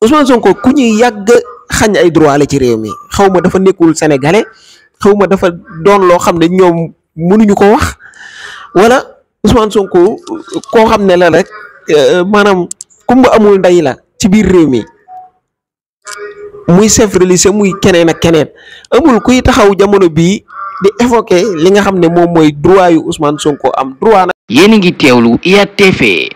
Ousmane Sonko ku ñuy yàgg xañ ay droit la ci réew mi xaw ma dafa nekkul sénégalais xaw ma dafa doon loo xam ne ñoom mënuñu ko wax wala Ousmane Sonko koo xam ne la rek euh, maanaam kumba amul nday la ci biir réew mi muy chef religieux muy keneen ak keneen amul kuy taxaw jamono bii di évoquer li nga xam ne moom mooy droit yu Ousmane Sonko am droit nag. yéen a ngi teewlu IYAT TV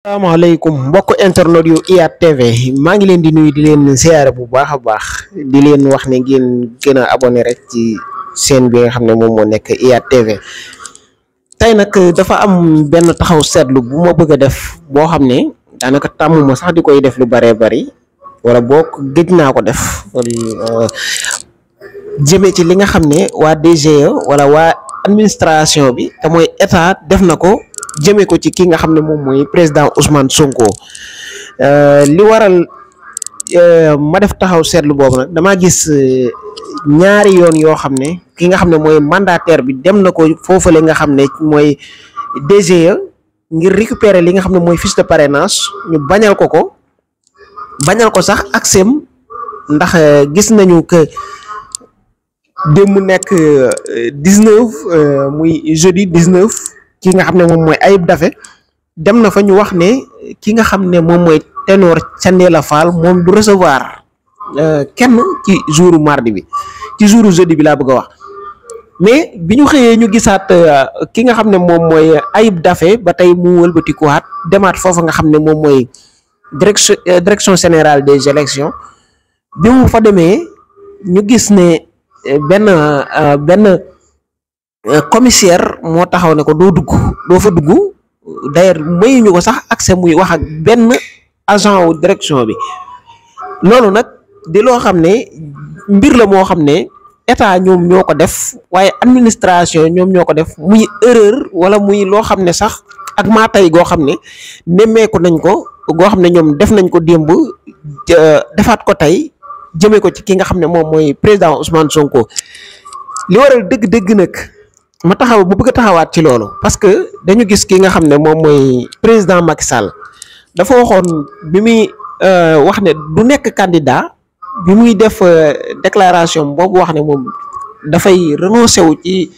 salaamaaleykum mbokk internet yu IYAT TV maa ngi leen di nuyu di leen siyaare bu baax a baax di leen wax ne ngeen gën a abonné rek ci chaîne bi nga xam ne moom moo nekk IYAT TV tey nag dafa am benn taxaw seetlu bu ma bëgg a def boo xam ne daanaka tàmm ma sax di koy def lu baree bari wala boo gëj naa ko def euh, jëme ci li nga xam ne waa DGE wala waa administration bi te mooy état def na ko. jëmee ko ci ki nga xam ne moom mooy président Ousmane Sonko euh, li waral euh, ma def taxaw seetlu boobu nag damaa gis euh, ñaari yoon yoo xam ne ki nga xam ne mooy mandataire bi dem na ko foofale nga xam ne mooy DGE ngir récupérer li nga xam ne mooy fiche de parrainage ñu bañal ko ko bañal ko sax ak sem ndax gis nañu que démb mu nekk 19 muy jeudi 19. ki nga xam ne moom mooy Ayib dafe dem na fa ñu wax ne ki nga xam ne moom mooy ténor Thiendella Fall moom du recevoir euh, kenn ci jouru mardi bi ci jouru jeudi bi laa bëgg wax mais bi ñu xëyee ñu gisaat euh, ki nga xam ne moom mooy Ayib dafe ba tey mu wëlbatikuwaat demaat foofa nga xam ne moom mooy direction euh, direction générale des élections bi mu fa demee ñu gis ne benn benn Euh, commissaire moo taxaw ne ko doo dugg doo fa dugg d'ailleurs mayuñu ko sax accès muy wax ak benn agent wu direction bi loolu nag di loo xam ne mbir la moo xam ne état ñoom ñoo ko def waaye administration ñoom ñoo ko def muy erreur wala muy loo xam ne sax ak maa tey goo xam ne nemmeeku nañ ko goo xam ne ñoom def nañ ko démb defaat ko tey jëmee ko ci ki nga xam ne moom mooy président Ousmane Sonko li waral dëgg-dëgg nag. ma taxaw bu bëgg a taxawaat ci loolu parce que dañu gis ki nga xam ne moom mooy président Macky Sall dafa waxoon bi muy euh, wax ne du nekk candidat bi muy def euh, déclaration boobu wax ne moom dafay renoncer wu ci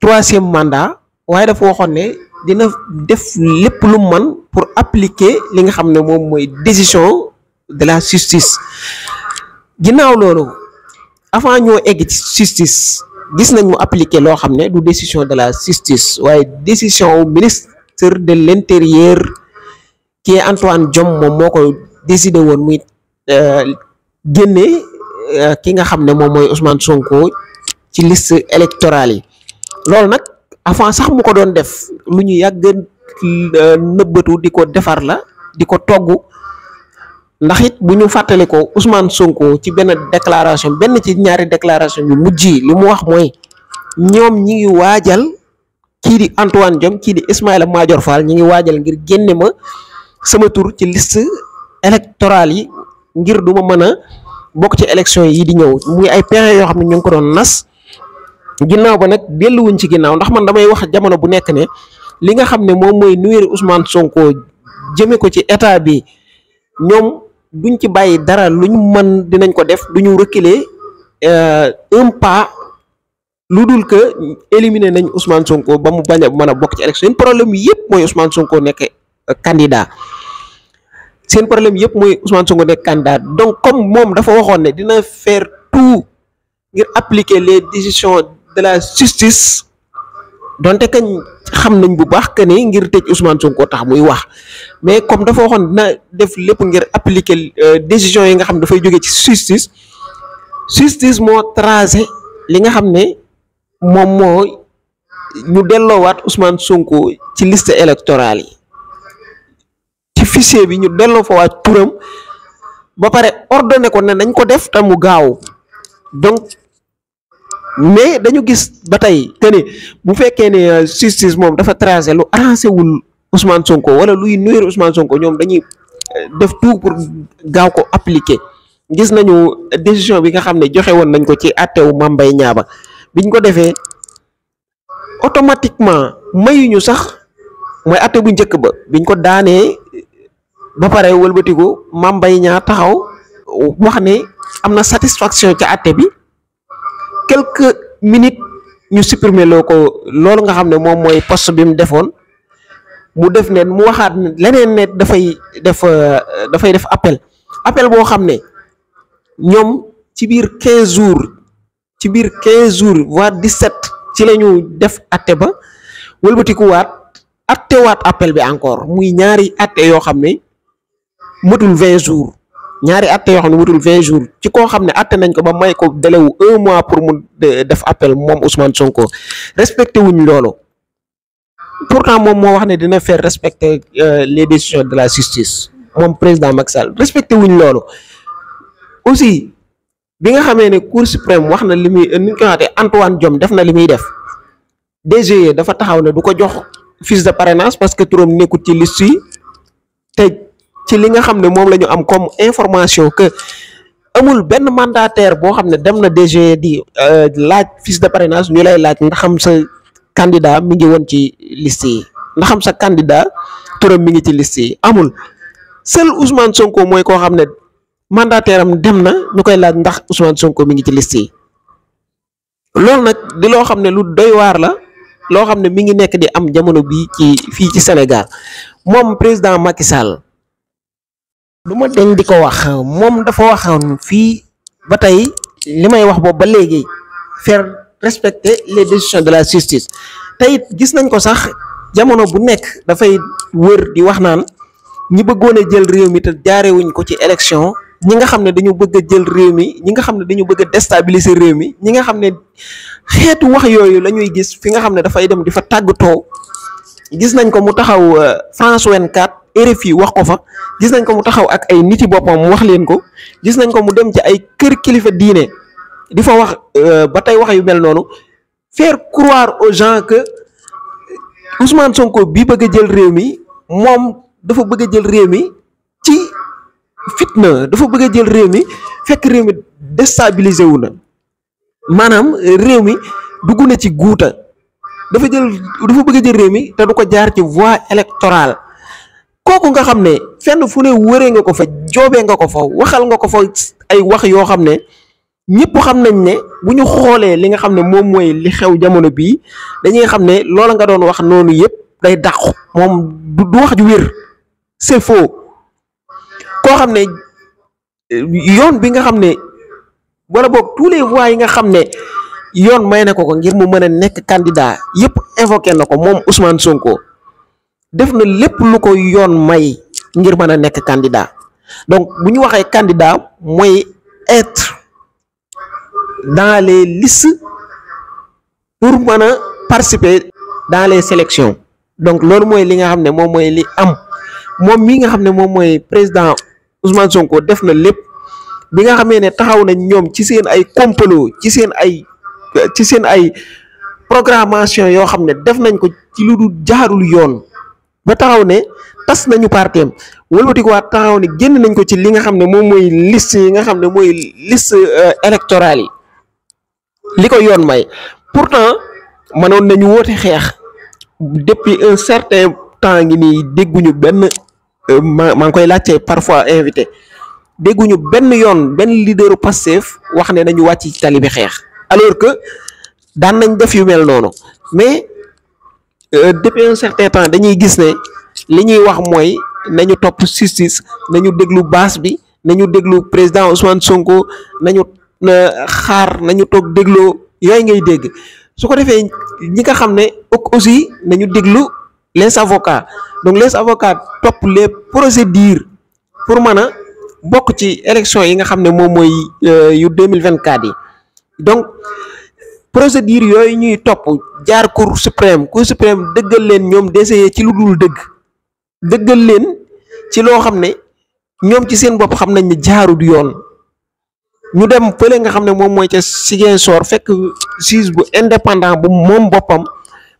troisième mandat waaye dafa waxoon ne dina def lépp lu man pour appliquer li nga xam ne moom mooy décision de la justice ginnaaw loolu avant ñoo egg ci justice gis nañ mu appliqué loo xam ne du décision de la justice waaye décision ministre de l' intérieur kii Antoine moom moo koy décidé woon muy euh, génne euh, ki nga xam ne moom mooy Ousmane Sonko ci liste électorale yi loolu nag avant sax mu ko doon def lu ñu yàgg euh, nëbbatu di ko defar la di ko togg ndax it bu ñu fàttali ko Ousmane Sonko ci benn déclaration benn ci ñaari déclaration yu mujj yi li mu wax mooy ñoom ñi ngi waajal kii di Antoine Diome kii di Ismaïla Madior faal ñi ngi waajal ngir génne ma sama tur ci liste électorale yi ngir du ma mën a bokk ci élection yi di ñëw muy ay pexe yoo xam ne ñu ngi ko doon nas ginnaaw ba nag delluwuñ ci ginnaaw ndax man damay wax jamono bu nekk ne li nga xam ne moom mooy nuyu Ousmane Sonko jëme ko ci état bi ñoom. duñ ci bàyyi dara luñ mën dinañ ko def duñu reculer euh, un pas lu dul que éliminer nañ Ousmane Sonko ba mu bañ a mën a bokk ci élection seen problème yëpp mooy Ousmane Sonko nekk euh, candidat seen problème yëpp mooy Ousmane Sonko nekk candidat donc comme moom dafa waxoon ne dina faire tout ngir appliquer les décisions de la justice donte kañ xam nañ bu baax que ni ngir tëj Ousmane Sonko tax muy wax mais comme dafa waxoon dina def lépp ngir appliquer euh, décision yi nga xam ne dafay jóge ci justice justice moo tracé li nga xam ne moom moo ñu delloowaat Ousmane Sonko ci liste électorale yi ci fichier bi ñu delloo fa waat turam ba pare ordonné ko ne nañ ko def te mu gaaw donc mais dañu gis ba tey que ne bu fekkee ne euh, justice moom dafa tracé lu arrangé wul Ousmane Sonko wala luy nuyu Ousmane Sonko ñoom dañuy euh, def tout pour gaaw ko appliquer gis nañu décision bi nga xam ne joxe woon nañ ko ci àttewu Mambay ñaaba biñ ko defee automatiquement mayuñu sax mooy àtte bu njëkk ba biñ ko daanee ba pare wëlbatiku Mambay ñaa taxaw wax ne am na satisfaction ci àtte bi. quelque minutes ñu supprimer loo ko loolu nga xam ne moom mooy poste bi mu defoon mu def ne mu waxaat leneen ne dafay def euh, dafay def appel appel boo xam ne ñoom ci biir 15 jours ci biir 15 jours voire 17 ci la ñu def atte ba wëlbatikuwaat attewaat appel bi encore muy ñaari atte yoo xam ne matul 20 jours. ñaari atte yoo xam ne wutul vingt jours ci koo xam ne atte nañ ko ba may ko délai wu un mois pour mu def appel moom Ousmane Sonko respecté wuñ loolu pourtant moom moo wax ne dina faire respecter euh, les décisions de la justice moom président Macky Sall respecté wuñ loolu aussi bi nga xamee ne cour suprême wax na li muy ni ñu koy waxee Antoine Diome def na li muy def DGE dafa taxaw ne du ko jox fiche de parrainage parce que turam nekkut ci liste yi ci li nga xam ne moom la ñu am comme information que amul benn mandataire boo xam ne dem na DG di euh, laaj fiche de parrainage ñu lay laaj ndax xam sa candidat mi ngi ci liste yi xam sa candidat turam mi ngi ci liste amul seul Ousmane Sonko mooy koo xam ne mandataire am dem na ñu koy laaj ndax Ousmane Sonko mi ngi ci liste yi loolu nag di loo xam ne lu doy waar la loo xam ne mi ngi nekk di am jamono bii ci fii ci Sénégal moom président Macky lu ma deñ di ko wax moom dafa waxoon fii ba tey li may wax boobu ba léegi faire respecter les décisions de la justice tey gis nañ ko sax jamono bu nekk dafay wër di wax naan ñi bëggoon a jël réew mi te jaarewuñ ko ci élection ñi nga xam ne dañu bëgg a jël réew mi ñi nga xam ne dañu bëgg a déstabiliser réew mi ñi nga xam ne xeetu wax yooyu la ñuy gis fi nga xam ne dafay dem di fa tàggatoo gis nañ ko mu taxaw France 24 yi wax ko fa gis nañ ko mu taxaw ak ay niti boppam wax leen ko gis nañ ko mu dem ci ay kër kilifa diine di fa wax euh, ba tey wax yu mel noonu faire croire au gens que Ousmane Sonko bi bëgg a jël réew mi moom dafa bëgg a jël réew mi ci fitna dafa bëgg a jël réew mi fekk réew mi déstabilisé wu na maanaam réew mi dugg na ci guuta dafa jël dafa bëgg a jël réew mi te du ko jaar ci voie électorale kooku nga xam ne fenn fu ne wëree nga ko fa joobee nga ko fa waxal nga ko fa ay wax yoo xam ne ñépp xam nañ ne bu ñu xoolee li nga xam ne moom mooy li xew jamono bii dañuy xam ne loola nga doon wax noonu yëpp day dàqu moom du wax ju wér c'est faux koo xam ne yoon bi nga xam ne wala boog tous les voies yi nga xam ne. yoon may na ko ko ngir mu mën a nekk candidat yëpp évoqué na ko moom Ousmane Sonko def na lépp lu ko yoon may ngir mën a nekk candidat donc bu ñu waxee candidat mooy être dans les listes pour mën a participer dans les sélections donc loolu mooy li nga xam ne moom mooy li am moom mi nga xam ne moom mooy président Ousmane Sonko def na lépp bi nga xamee ne taxaw na ñoom ci seen ay complot ci seen ay ci seen ay programmation yoo xam ne def nañ ko ci lu du jaxarul yoon ba taxaw ne tas nañu parteem wëlbatikuwaat taxaw ne génn nañ ko ci li nga xam ne moom mooy liste yi nga xam ne mooy liste euh, électorale yi li ko yoon may pourtant mënoon nañu woote xeex depuis un certain temps ngi nii dégguñu benn euh, ma maa ngi koy laajte parfois invité dégguñu benn yoon benn leaderu Pastef wax ne nañu wàcc ci tali bi xeex alors que daan nañ def yu mel noonu mais euh, depuis un certain temps dañuy gis ne li ñuy wax mooy nañu topp justice nañu déglu baas bi nañu déglu président Ousmane Sonko nañu xaar nañu toog dégloo yooyu ngay dégg su ko defee ñi nga xam ne aussi nañu déglu les avocats donc les avocats topp les procédures pour mën a bokk ci élection yi nga xam ne moom mooy euh, yu 2024 yi donc procédure yooyu ñuy topp jaar cour suprême cour suprême dëggal leen ñoom désee ci lu dul dëgg dëggal leen ci loo xam ne ñoom ci seen bopp xam nañ ne jaarul yoon ñu dem fële nga xam ne moom mooy ca Ziguinchor fekk juge bu indépendant bu moom boppam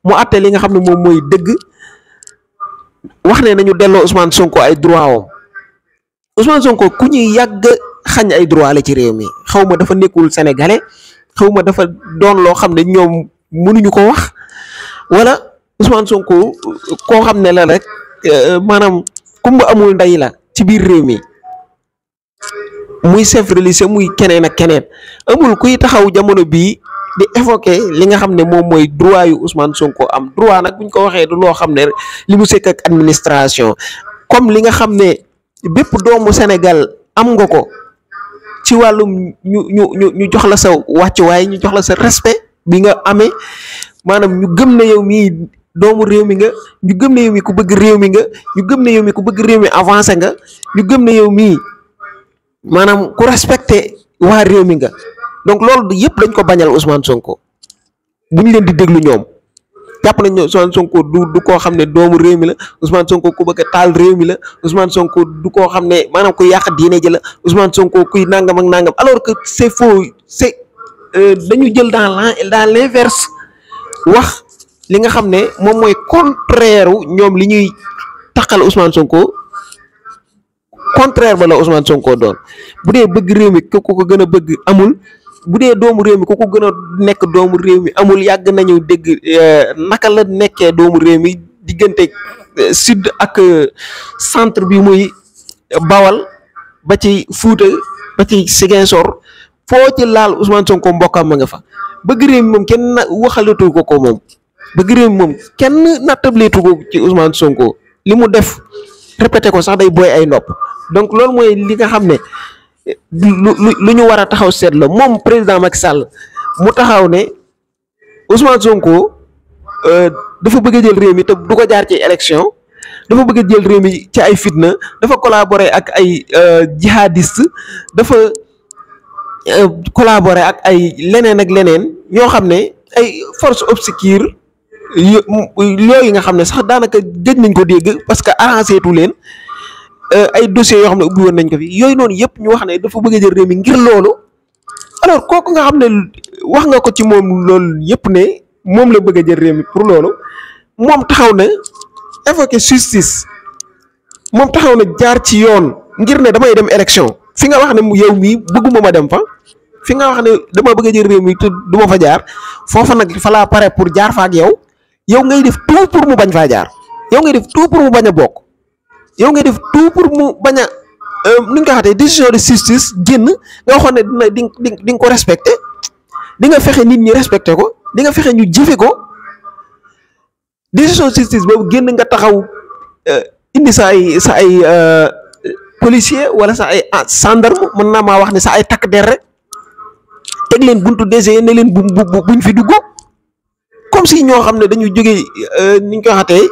mu àtte li nga xam ne moom mooy dëgg wax ne nañu delloo Ousmane Sonko ay droit am Ousmane Sonko ku ñuy yàgg. xañ ay droit la ci réew mi xaw ma dafa nekkul sénégalais xaw ma dafa doon loo xam ne ñoom mënuñu ko wax wala Ousmane Sonko koo xam ne la rek euh, maanaam kumba amul nday la ci biir réew mi muy chef religieux muy keneen ak keneen amul kuy taxaw jamono bii di évoquer li nga xam ne moom mooy droit yu Ousmane Sonko am droit nag buñ ko waxee du loo xam ne li mu sekk ak administration comme li nga xam ne bépp doomu Sénégal am nga ko. ci wàllum ñu ñu ñu ñu jox la sa wàccuwaay ñu jox la sa respect bi nga amee maanaam ñu gëm na yow mii doomu réew mi nga ñu gëm ne yow mii ku bëgg réew mi nga ñu gëm na yow mii bëgg réew mi avancé nga ñu gëm ne yow mii maanaam ku respecté waa réew mi nga donc loolu yëpp dañ ko bañal Ousmane Sonko ñu leen di déglu ñoom. jàpp nañ ne Ousmane Sonko du du koo xam ne doomu réew mi la Ousmane Sonko ku bëgg taal réew mi la Ousmane Sonko du koo xam ne maanaam ku yàq diine ji la Ousmane Sonko kuy nangam ak nangam alors que c'est faux c'est euh, dañu jël dans l' dans l'inverse wax li nga xam ne moom mooy contraire ñoom li ñuy taqal Ousmane Sonko contraire ba la Ousmane Sonko doon bu dee bëgg réew mi ku ko gën a bëgg amul. bu dee doomu réew mi ku ko gën a nekk doomu réew mi amul yàgg nañu dégg euh, naka la nekkee doomu réew mi diggante euh, sidd ak euh, centre bi muy bawal ba ci Fuuta ba ci Ziguinchor foo ci laal Ousmane Sonko mbokkam ma nga fa bëgg réew mi moom kenn waxalatu ko ko moom moom kenn nattableetu ko ci Ousmane Sonko li mu def répété ko sax day booy ay nopp donc loolu mooy li nga xam ne. lu lu ñu war a taxaw seetla moom président Macky Sall mu taxaw ne Ousmane Sonko euh, dafa bëgg a réew mi te du ko jaar ci élection dafa bëgg a jël réew mi ci ay fitna dafa collaborer ak ay euh, jihadiste dafa euh, collaborer ak ay leneen ak leneen ñoo xam ne ay force obscure yooyu nga xam ne sax daanaka gëj nañ ko dégg parce que leen Euh, ay dossiers yoo xam ne ubbi woon nañ ko fi yooyu noonu yëpp ñu wax ne dafa bëgg a jël réew mi ngir loolu alors kooku nga xam ne wax nga ko ci moom loolu yëpp ne moom la bëgg a jël pour loolu moom taxaw na évoquer justice moom taxaw na jaar ci yoon ngir ne damay dem élection fi nga wax ne yow mii bëgguma ma dem fa fi nga wax ne dama bëgg a jël réew mi te du fa jaar foofa nag fa laa pare pour jaar fa ak yow yow ngay def tout pour mu bañ faa jaar yow ngay def tout pour mu bañ a bokk. yow ngay def tout pour mu bañ a euh, nu ñu koy xatee décision de sistis génn nga waxoon ne dina di nga di nga ko respecté di nga fexe nit ñi respecté ko di nga fexe ñu jëfe ko décision justice boobu génn nga taxaw euh, indi sa ay sa ay euh, policier wala sa ay ah, gendarme mën naa maa wax ne sa ay takk der rek teg leen buntu DG ne leen bu bu buñ fi dugg comme si ñoo xam ne dañu jógee ni ñu koy xatee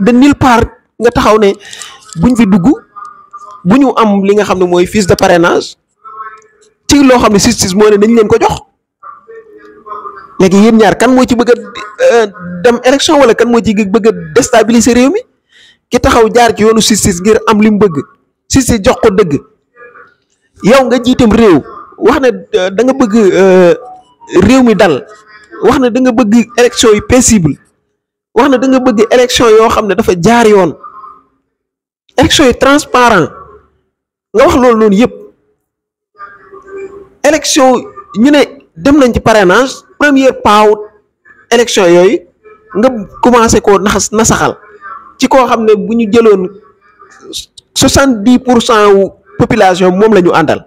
de nulle part. nga taxaw ne buñ fi dugg bu ñu am li nga xam ne mooy fiche de parrainage ci loo xam ne justice moo ne dañ leen ko jox léegi yéen ñaar kan moo ci bëgg a euh, dem élection wala kan moo ci bëgg a déstabiliser réew mi ki taxaw jaar ci yoonu justice ngir am li mu bëgg justice jox ko dëgg yow nga jiitam réew wax na euh, da nga bëgg euh, réew mi dal wax na da nga bëgg élection yi paisible wax na da nga bëgg élection yoo xam ne dafa jaar yoon. élection yi transparent nga wax loolu noonu yëpp élection ñu ne dem nañ ci parrainage première paaw élection yooyu nga commencé ko naxas nasaxal ci koo xam ne bu ñu jëloon soixante dix pour cent wu population moom la ñu àndal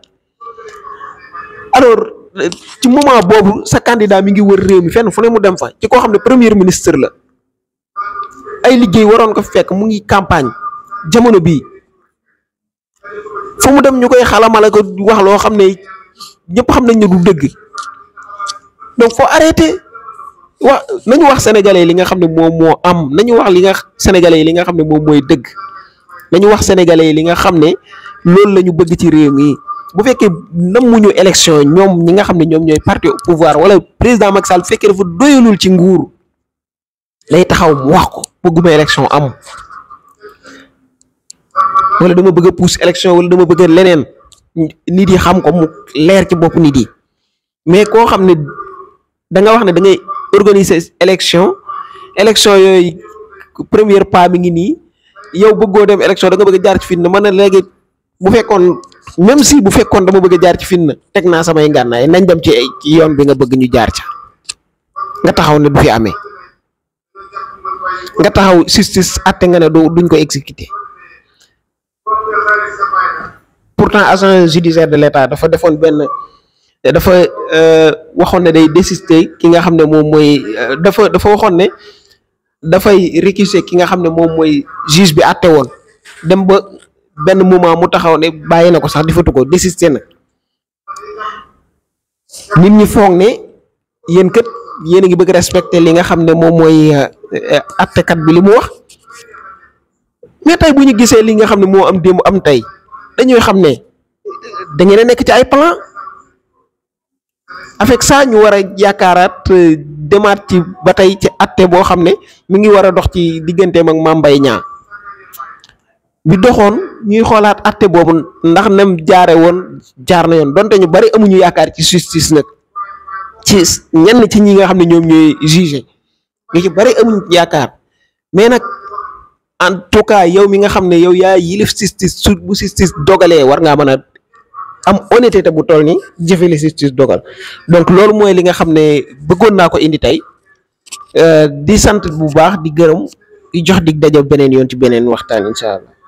alors ci moment boobu sa candidat mi ngi wër réew mi fenn fu ne mu dem fa ci koo xam ne premier ministre la ay liggéey waroon ko fekk mu ngi campagne jamono bii fu mu dem ñu koy xalamala ko wax loo xam ne ñëpp xam nañ ne du dëgg donc faut arreté wax nañu wax sénégalais li nga xam ne moom moo am nañu wax li nga sénégalais li nga xam ne moom mooy dëgg nañu wax sénégalais li nga xam ne loolu lañu bëgg ci réew mi bu fekkee nammuñu élection ñoom ñi nga xam ne ñoom ñooy parti pouvoir wala président Macky Sall fekkee dafa doyalul ci nguur lay taxaw mu wax ko bëgguma élection am. wala dama bëgg a pousse élection wala dama bëgg a leneen nit yi xam ko mu leer ci bopp nit yi mais koo xam ne danga nga wax ne da ngay organiser élection élection yooyu première pas mi ngi nii yow bëggoo dem élection da nga bëgg jaar ci fitna mën na léegi bu fekkoon même si bu fekkoon dama bëgg a jaar ci fitna teg naa samay ngànnaay nañ dem ci yoon bi nga bëgg ñu jaar ca nga taxaw ne du fi amee nga taxaw justice àtte nga ne du duñ ko exécuter. pourtant agent judiciaire de l'État dafa defoon benn dafa euh, waxoon ne day désister ki nga xam ne moom mooy euh, dafa dafa waxoon ne dafay récuser ki nga xam ne moom mooy juge bi àtte woon dem ba benn moment mu taxaw ne bàyyi na ko sax defatu ko désister na nit ñi foog ne yéen kat yéen a ngi bëgg respecter li nga xam ne moom mooy euh, àttekat bi li mu wax mais tey bu ñu gisee li nga xam ne moo am démb am tey. dañuy xam ne da nekk ci ay plan avec sa ñu war a yaakaaraat euh, demaat ci ba tey ci atte boo xam ne mi ngi war a dox ci diggante ak Mame Mbaye Niang bi doxoon ñuy xoolaat atte boobu ndax nam jaare woon jaar na yoon donte ñu bari amuñu yaakaar ci justice nag ci ñenn ci ñi nga xam ne ñoom ñooy bari amuñu yaakaar nag en tout cas yow mi nga xam ne yow yaa yilif justice su bu justice dogalee war ngaa mën a am honnêteté bu toll nii jëfe li justice dogal donc loolu mooy li nga xam ne bëggoon naa ko indi tey euh, di sant bu baax di gërëm di jox dig daje beneen yoon ci beneen waxtaan incha allah.